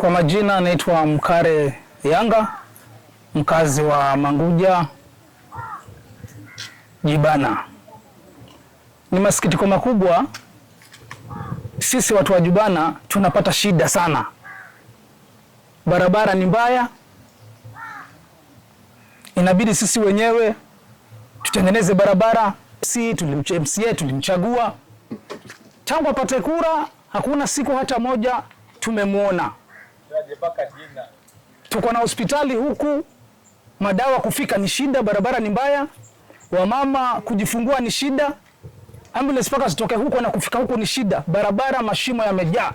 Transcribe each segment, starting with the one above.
Kwa majina anaitwa Mkare Yanga, mkazi wa Manguja Jibana. Ni masikitiko makubwa, sisi watu wa Jibana tunapata shida sana, barabara ni mbaya, inabidi sisi wenyewe tutengeneze barabara. Si MCA tulimchagua tangu apate kura, hakuna siku hata moja tumemwona hajapaka jina. Tuko na hospitali huku, madawa kufika ni shida, barabara ni mbaya, wamama kujifungua ni shida, ambulance paka zitoke huko na kufika huku ni shida, barabara mashimo yamejaa,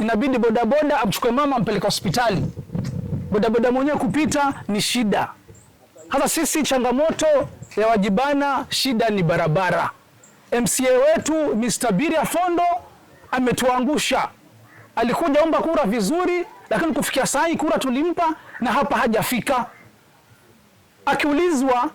inabidi bodaboda amchukue mama ampeleke hospitali, bodaboda mwenyewe kupita ni shida. Hata sisi changamoto ya Wajibana, shida ni barabara. MCA wetu Mr. Biria Fondo ametuangusha. Alikuja omba kura vizuri, lakini kufikia saa hii kura tulimpa na hapa hajafika. Akiulizwa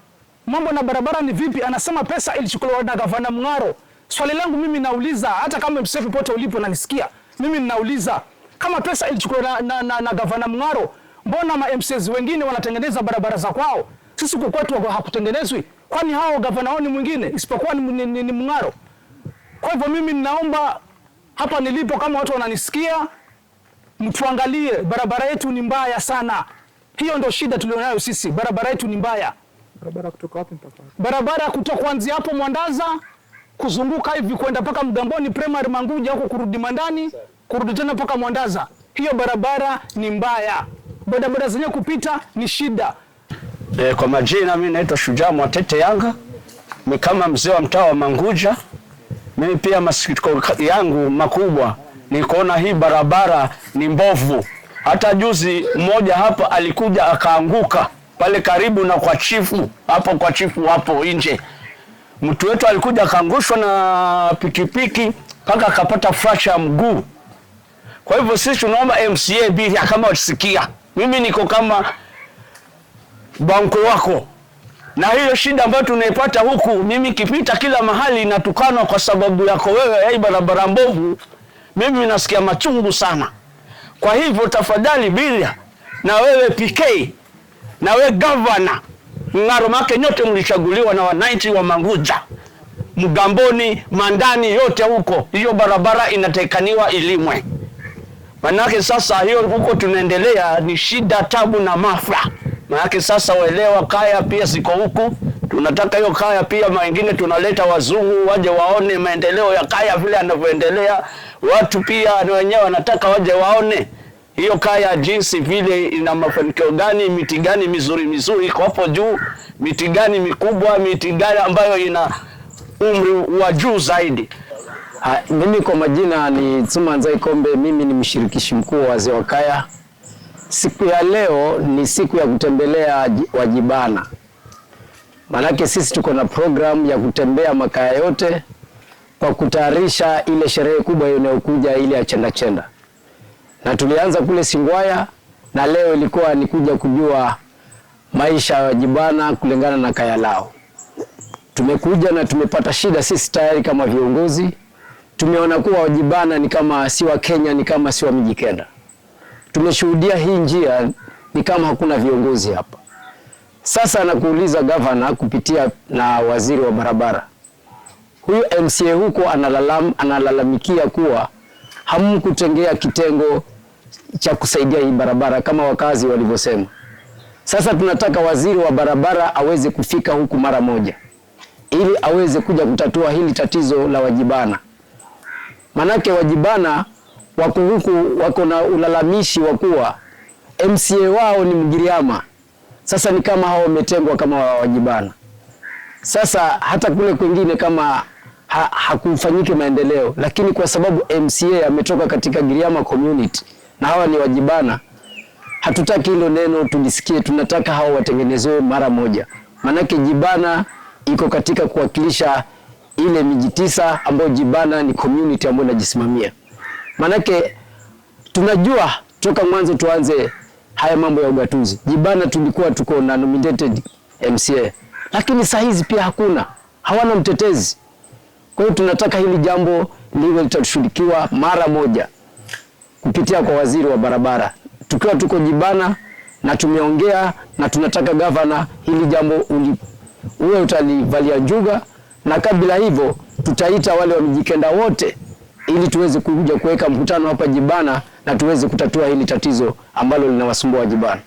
mambo na barabara ni vipi, anasema pesa ilichukuliwa na gavana Mng'aro. Swali langu mimi nauliza, hata kama MCF pote ulipo nanisikia, mimi ninauliza kama pesa ilichukuliwa na, na, na gavana Mng'aro, mbona ma MCs wengine wanatengeneza barabara za kwao, sisi kwa kwetu hakutengenezwi? Kwani hao gavana wao ni mwingine isipokuwa ni, ni, ni, ni Mng'aro? Kwa hivyo mimi ninaomba hapa nilipo, kama watu wananisikia mtuangalie, barabara yetu ni mbaya sana. Hiyo ndio shida tulionayo sisi, barabara yetu ni mbaya. Barabara kutoka wapi mpaka wapi? Barabara ya kutoka kuanzia hapo Mwandaza kuzunguka hivi kwenda mpaka Mgamboni primary Manguja, huko kurudi Mandani, kurudi tena mpaka Mwandaza. Hiyo barabara ni mbaya, bodaboda zenyewe kupita ni shida. E, kwa majina mimi naitwa Shujaa Mwatete Yanga, Mimi kama mzee wa mtaa wa Manguja. Mimi pia masikitiko yangu makubwa nikaona hii barabara ni mbovu. Hata juzi mmoja hapa alikuja akaanguka pale karibu na kwa chifu hapo, kwa chifu hapo nje, mtu wetu alikuja akaangushwa na pikipiki mpaka akapata fracture ya mguu. Kwa hivyo sisi tunaomba MCA MCAB kama wasikia, mimi niko kama banko wako na hiyo shida ambayo tunaipata huku, mimi kipita kila mahali natukanwa kwa sababu yako wewe, hii barabara mbovu mimi nasikia machungu sana. Kwa hivyo tafadhali, bila na wewe PK na wewe gavana Ng'aro, make nyote mlichaguliwa na wananchi wa manguja Mgamboni, Mandani, yote huko, hiyo barabara inatekaniwa ilimwe. Manake sasa hiyo huko tunaendelea ni shida, tabu na mafra. Manake sasa waelewa, kaya pia ziko huku Tunataka hiyo kaya pia, maingine tunaleta wazungu waje waone maendeleo ya kaya vile anavyoendelea. Watu pia wenyewe wanataka waje waone hiyo kaya jinsi vile ina mafanikio gani, miti gani mizuri mizuri iko hapo juu, miti gani mikubwa, miti gani ambayo ina umri wa juu zaidi. Ha, ah, mimi kwa majina ni Nzai Kombe, mimi ni mshirikishi mkuu wa wazee wa kaya. Siku ya leo ni siku ya kutembelea Wajibana. Maanake sisi tuko na programu ya kutembea makaya yote kwa kutayarisha ile sherehe kubwa inayokuja ile ya chenda chenda, na tulianza kule Singwaya na leo ilikuwa ni kuja kujua maisha ya Wajibana kulingana na kaya lao. Tumekuja na tumepata shida sisi tayari kama viongozi, tumeona kuwa Wajibana ni kama si wa Kenya, ni kama si wa Mijikenda. Tumeshuhudia hii njia, ni kama hakuna viongozi hapa. Sasa nakuuliza gavana, kupitia na waziri wa barabara, huyu MCA huko analalam, analalamikia kuwa hamkutengea kitengo cha kusaidia hii barabara kama wakazi walivyosema. Sasa tunataka waziri wa barabara aweze kufika huku mara moja, ili aweze kuja kutatua hili tatizo la Wajibana, manake Wajibana wako huku wako na ulalamishi wa kuwa MCA wao ni Mgiriama. Sasa ni kama hao wametengwa kama wajibana. Sasa hata kule kwingine kama ha, hakufanyike maendeleo, lakini kwa sababu MCA ametoka katika Giriama community na hawa ni wajibana, hatutaki hilo neno tulisikie, tunataka hao watengenezewe mara moja, maanake jibana iko katika kuwakilisha ile miji tisa ambayo jibana ni community ambayo inajisimamia, maanake tunajua toka mwanzo tuanze haya mambo ya ugatuzi. Jibana tulikuwa tuko na nominated MCA, lakini saa hizi pia hakuna, hawana mtetezi. Kwa hiyo tunataka hili jambo liwe litashughulikiwa mara moja kupitia kwa waziri wa barabara. Tukiwa tuko Jibana na tumeongea na tunataka gavana, hili jambo uwe utalivalia juga, na kabla hivyo tutaita wale wamejikenda wote ili tuweze kuja kuweka mkutano hapa Jibana na tuweze kutatua hili tatizo ambalo linawasumbua Jibana.